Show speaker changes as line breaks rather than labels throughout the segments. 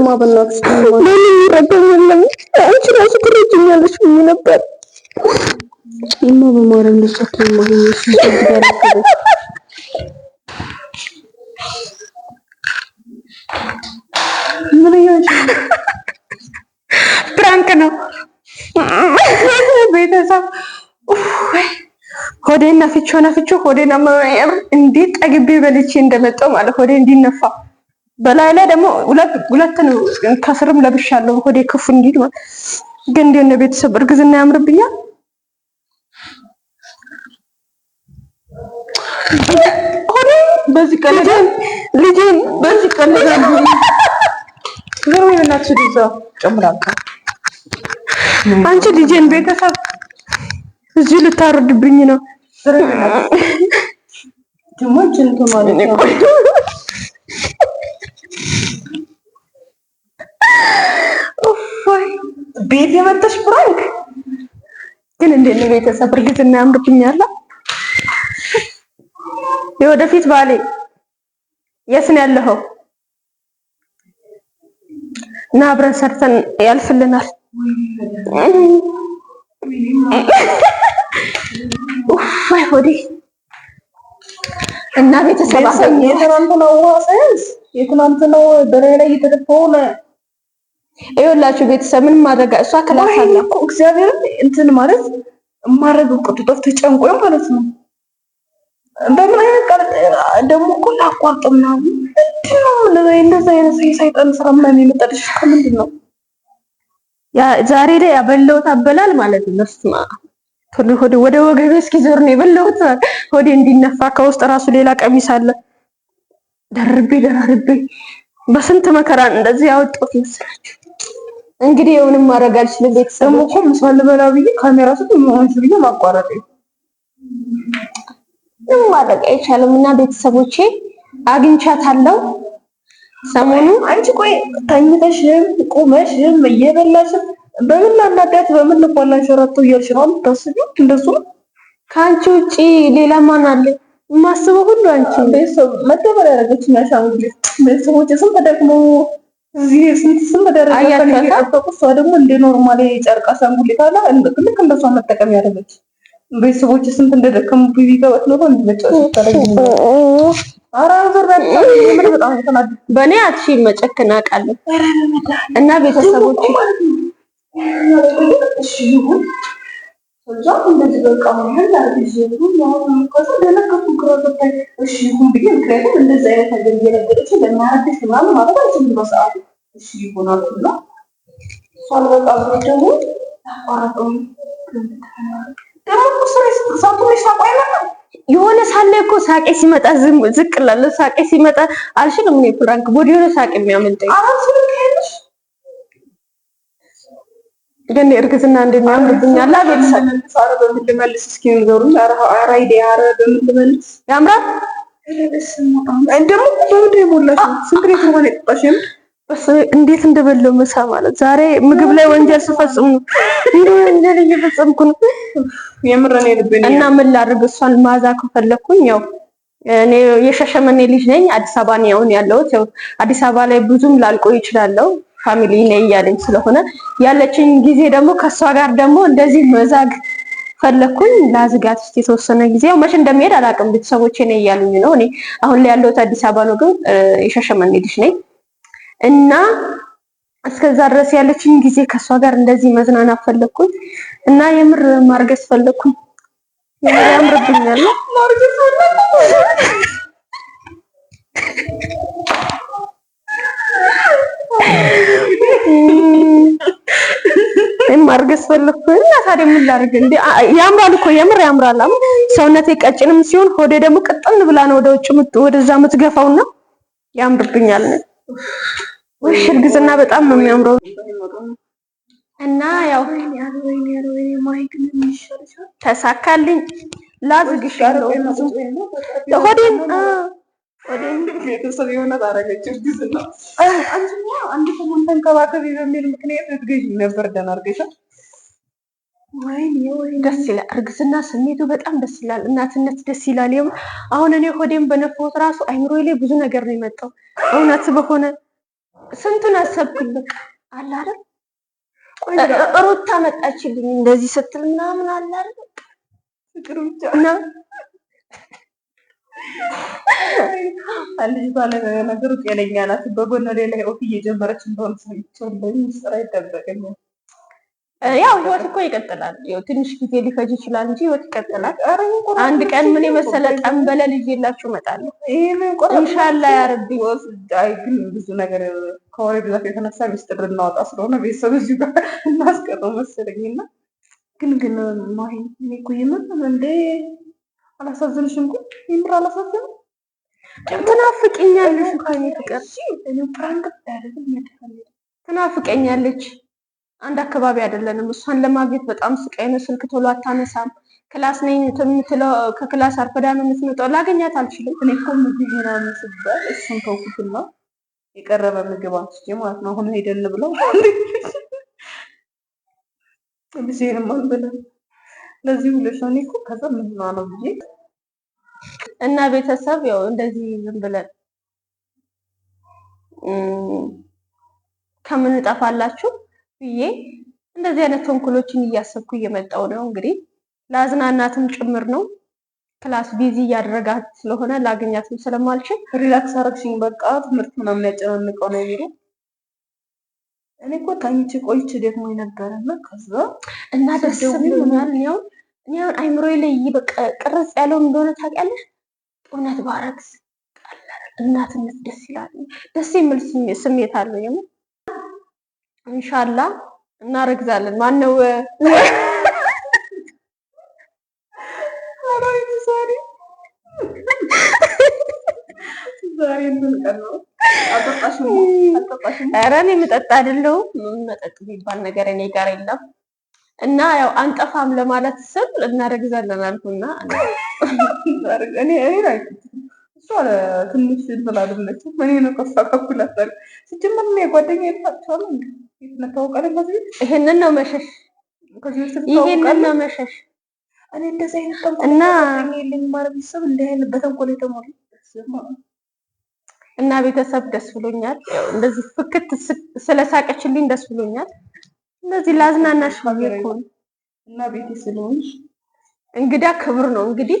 እማ በእናትሽ የሚረዳኝ ራሱ ትረጅኛለሽ ብዬ ነበር። እማ በማርያም ፕራንክ ነው ቤተሰብ ሆዴና ፍቾ እንዴት ጠግቤ በልቼ እንደመጣሁ ማለት ሆዴ እንዲነፋ በላይ ላይ ደግሞ ሁለትን ከስርም ለብሻለሁ ሆዴ ክፉ እንዲል። ግን እንዴት ነው ቤተሰብ እርግዝና ያምርብኛል? ሆዴ በዚህ ቀለደ ልጅን በዚህ ቀለደ ዝም ይሆናችሁ ልጅ ጨምራቃ አንቺ ልጅን ቤተሰብ እዚህ ልታርድብኝ ነው። ግን እንዴት ነው ቤተሰብ? እርግዝና ያምርብኛል። የወደፊት ባሌ የት ነው ያለኸው? እና አብረን ሰርተን ያልፍልናል። ወይ ወዲ እና ቤተሰብ ነው ሳይንስ አሰኘ የትናንትናው በላይ ላይ ይኸውላችሁ ቤተሰብ ምን ማድረግ እሷ ክላስ አለ እኮ እግዚአብሔር እንትን ማለት ማድረግ ቁጥጥፍ ተጨንቆኝ ማለት ነው። በምን አይነት ቃል ደግሞ እኮ ላቋርጥ ምናምን እንደዚህ አይነት ሰይጣን ስራ ምናምን የመጣልሽ ከምንድን ነው? ዛሬ ላይ ያበላሁት አበላል ማለት ነው። ስማ ቶሎ ሆዴ ወደ ወገቤ እስኪዞር ነው የበላሁት። ሆዴ እንዲነፋ ከውስጥ ራሱ ሌላ ቀሚስ አለ ደርቤ ደራርቤ በስንት መከራ እንደዚህ ያወጣሁት መስላችሁ እንግዲህ የሆንም ማድረግ አልችልም። ቤተሰብ እኮ ምሳ ልበላ ብዬ ካሜራ ስጥ መሆንሽ ብዬ ማቋረጥ ማድረግ አይቻልም። እና ቤተሰቦቼ አግኝቻታለሁ ሰሞኑ። አንቺ ቆይ ተኝተሽም ቁመሽም እየበላሽም በምን ላናዳት በምን ልባላሽ ረቶ እያልሽ ነው የምታስቢው? እንደሱ ከአንቺ ውጪ ሌላ ማን አለ? የማስበው ሁሉ አንቺ ቤተሰብ መደበር ያደረገች ናሻ ቤተሰቦች ስም ተደግሞ እሷ ደግሞ እንደ ኖርማል የጨርቅ አሻንጉሊት አለ ልክ እንደሷ መጠቀም ያደረገች ቤተሰቦች ስንት እንደደከሙ ቢቢገበት ኖሮ በእኔ አትሺ መጨከን አውቃለሁ እና ቤተሰቦች እዛ እንደዚህ በቃ እሺ ይሁን ብዬ ምክንያቱም አይነት ነገር እየነገረች ምናምን ማለት እሺ ይሆናል ብሎ ደግሞ የሆነ ሳለ እኮ ሳቄ ሲመጣ ዝቅ እላለሁ። ሳቄ ሲመጣ አልችልም እኔ ፕራንክ የሆነ ሳቄ የሚያመልጠኝ ግን እርግዝና እንዴት ነው ቤተሰብ እስኪ ያምራል። ደግሞ እንዴት እንደበለው ምሳ ማለት ዛሬ ምግብ ላይ ወንጀል ስፈጽሙ ነው ወንጀል እየፈጸምኩ ነው። እና ምን ላድርግ? እሷን ማዛ ከፈለኩኝ ያው እኔ የሻሸመኔ ልጅ ነኝ። አዲስ አበባ ነው ያለሁት። ያው አዲስ አበባ ላይ ብዙም ላልቆይ እችላለሁ። ፋሚሊ ነይ እያለኝ ስለሆነ ያለችኝ ጊዜ ደግሞ ከእሷ ጋር ደግሞ እንደዚህ መዛግ ፈለግኩኝ ለአዝጋት ውስጥ የተወሰነ ጊዜ ያው መቼ እንደሚሄድ አላውቅም። ቤተሰቦቼ ነይ እያሉኝ ነው። እኔ አሁን ላይ ያለሁት አዲስ አበባ ነው፣ ግን የሻሸመኔ ልጅ ነኝ እና እስከዛ ድረስ ያለችኝ ጊዜ ከእሷ ጋር እንደዚህ መዝናናት ፈለግኩኝ እና የምር ማርገስ ፈለግኩኝ። ያምርብኛል ያምርብኛል አስፈለግኩ እና ታዲያ ምን ላድርግ? እንደ ያምራል እኮ የምር ያምራል። አሁን ሰውነቴ ቀጭንም ሲሆን ሆዴ ደግሞ ቅጥን ብላ ነው ወደ ውጭ ወደዛ የምትገፋውና ያምርብኛል። ውሽ እርግዝና በጣም ነው የሚያምረው እና ያው ተሳካልኝ። ላዝግሽ ያለው ሆዴን ቤተሰብ የሆነ ታረገች እርግዝና አንድ ሰሞን ተንከባከቢ በሚል ምክንያት ልትገዢ ነበር። ደህና አድርገሻል። ደስ ይላል። እርግዝና ስሜቱ በጣም ደስ ይላል። እናትነት ደስ ይላል። ይኸው አሁን እኔ ሆዴም በነፋሁት ራሱ አይምሮ ላይ ብዙ ነገር ነው የመጣው። እውነት በሆነ ስንቱን አሰብኩኝ። በቃ አለ አይደል ሩታ መጣችልኝ እንደዚህ ስትል ምናምን አለ አይደል ባለ ነገሩ ጤነኛ ናት። በጎን ሌላ ህይወት እየጀመረች እንደሆነ ሰምቻለሁ። ስራ ይጠበቀኛል ያው ህይወት እኮ ይቀጥላል። ትንሽ ጊዜ ሊፈጅ ይችላል እንጂ ህይወት ይቀጥላል። አንድ ቀን ምን የመሰለ ጠንበለል ይዤላችሁ እመጣለሁ እንሻላ ያረቢ። ግን ብዙ ነገር ከወሬ ብዛት የተነሳ ሚስጥር ልናወጣ ስለሆነ ቤተሰብ እዚሁ ጋር እናስቀረው እና ግን ግን ማሂ እኔ እኮ የምር እንዴ አላሳዝንሽም? ግን የምር አላሳዝንም። ትናፍቀኛለሽ። እኔ ፍቅር ትናፍቀኛለች አንድ አካባቢ አይደለንም። እሷን ለማግኘት በጣም ስቃይ ነው። ስልክ ቶሎ አታነሳም። ክላስ ነኝ የምትለው ከክላስ አርፈዳ ነው የምትመጣው። ላገኛት አልችልም። እኔ እኮ ምግብ ምናምን ስባል እሱን ተውኩትና የቀረበ ምግብ አንስቼ ማለት ነው። አሁን ሄደን ብለው ጊዜንም አንብለን ለዚህ ብለሽ እኔ እኮ ከዛ ምንና ነው ብዬ እና ቤተሰብ ያው እንደዚህ ዝም ብለን ከምንጠፋላችሁ ብዬ እንደዚህ አይነት ተንኮሎችን እያሰብኩ እየመጣው ነው። እንግዲህ ለአዝናናትም ጭምር ነው። ክላስ ቢዚ እያደረጋት ስለሆነ ላገኛትም ስለማልችል ሪላክስ አረግሽኝ፣ በቃ ትምህርት ምናምን ያጨናንቀው ነው የሚሉ እኔ እኮ ተኝቼ ቆይቼ ደግሞ የነበረና ከዛ እና ደስ የሚል ምናምን ያው እኔ አሁን አይምሮዬ ላይ በቃ ቅርጽ ያለው እንደሆነ ታውቂያለሽ። እውነት ባረግስ እናትነት ደስ ይላል። ደስ የሚል ስሜት አለው የምር እንሻላ እናረግዛለን። ማነው ኧረ እኔ መጠጥ አይደለሁም። መጠጥ የሚባል ነገር እኔ ጋር የለም። እና ያው አንጠፋም ለማለት ስል እናረግዛለን አልኩና ኧረ ትንሽ እንትን አይደለችም። እኔ ነው ከሷ አሰር ሲጀምር ነው የጓደኛ የታቸዋል የምታወቃለ ከዚህ ቤት ይሄንን ነው መሸሽ፣ ይሄንን ነው መሸሽ። እኔ እንደዚህ አይነት እና የለኝ ማለት ቤተሰብ አይነት በተንኮል የተሞሉ እና ቤተሰብ ደስ ብሎኛል። እንደዚህ ፍክት ስለሳቀችልኝ ደስ ብሎኛል። እንደዚህ ላዝናናሽ ነው። እና ቤቴ ስለሆንሽ እንግዳ ክብር ነው እንግዲህ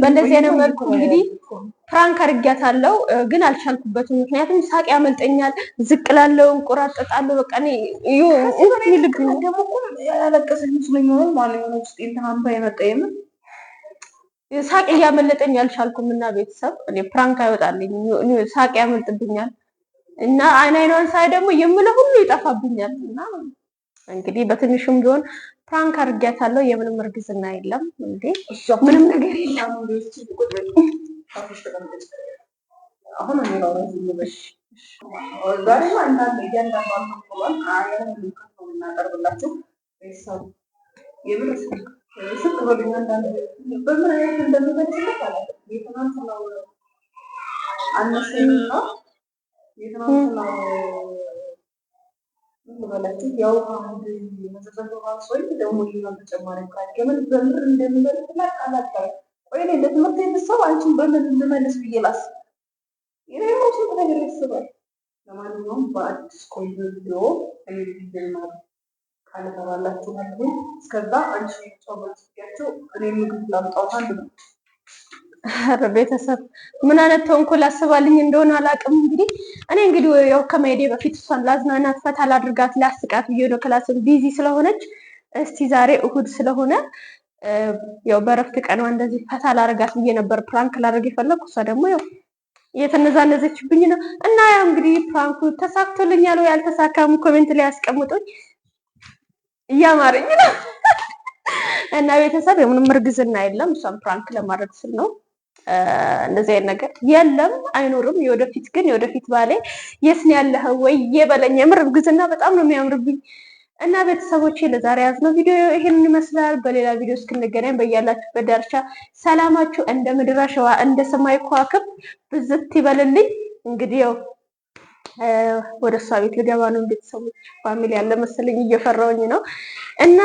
በእንደዚህ አይነት መልኩ እንግዲህ ፕራንክ አድርጊያታለሁ፣ ግን አልቻልኩበትም። ምክንያቱም ሳቅ ያመልጠኛል፣ ዝቅ ላለው እንቆራጠጣለሁ። በቃ እኔ ሳቅ እያመለጠኝ አልቻልኩም። እና ቤተሰብ እኔ ፕራንክ አይወጣልኝ ሳቅ ያመልጥብኛል፣ እና አይን አይኗን ሳይ ደግሞ የምለው ሁሉ ይጠፋብኛል። እና እንግዲህ በትንሹም ቢሆን ፕራንክ አድርጊያታለሁ። የምንም እርግዝና የለም እንዴ ምንም ነገር የለም። ዛሬ አንዳንድ እያንዳንዱ እናቀርብላችሁ ቤተሰብ የምር ስቅ በሉኝ። አንዳንድ በምን አይነት እንደምፈልስለት አላ የትናንትናው አነሰኝ ነው የትናንትናው ማለትም ያው አንድ የተዘገባ ሰው ደግሞ ሌላ ተጨማሪ ቃል በምር እንደሚመልስ ላይ ቃላት ላይ ቆይ እኔ የምሰው አንቺን በምን ልመልስ ብዬ ላስብ ይሄም ስንት ነገር ያስባል። ለማንኛውም በአዲስ ቆዩ ቪዲዮ ይልማል ካለተባላችሁ ማለት እስከዛ አንቺ ጨምር እኔ ምግብ ላምጣውታ አንድ ነው ቤተሰብ ምን አይነት ተንኮል አስባልኝ እንደሆነ አላውቅም። እንግዲህ እኔ እንግዲህ ያው ከመሄዴ በፊት እሷን ላዝናናት፣ ፈታ ላድርጋት፣ ላስቃት ብዬ ነው። ክላስም ቢዚ ስለሆነች እስቲ ዛሬ እሁድ ስለሆነ ያው በረፍት ቀኗ እንደዚህ ፈታ ላደርጋት ብዬ ነበር ፕራንክ ላደርግ የፈለኩ። እሷ ደግሞ ያው የተነዛነዘችብኝ ነው እና ያው እንግዲህ ፕራንኩ ተሳክቶልኛል ወይ ያልተሳካም ኮሜንት ላይ ያስቀምጡኝ። እያማረኝ ነው እና ቤተሰብ የምንም እርግዝና የለም እሷን ፕራንክ ለማድረግ ስል ነው እንደዚህ አይነት ነገር የለም አይኖርም። የወደፊት ግን የወደፊት ባሌ የስን ያለህ ወይ የበለኝ። የምር እርግዝና በጣም ነው የሚያምርብኝ። እና ቤተሰቦቼ ለዛሬ ያዝነው ቪዲዮ ይሄን ይመስላል። በሌላ ቪዲዮ እስክንገናኝ በያላችሁበት ዳርቻ ሰላማችሁ እንደ ምድር አሸዋ እንደ ሰማይ ከዋክብት ብዝት ይበልልኝ። እንግዲህ ያው ወደ እሷ ቤት ልገባ ነው። ቤተሰቦች ፋሚሊ ያለ መሰለኝ እየፈራውኝ ነው እና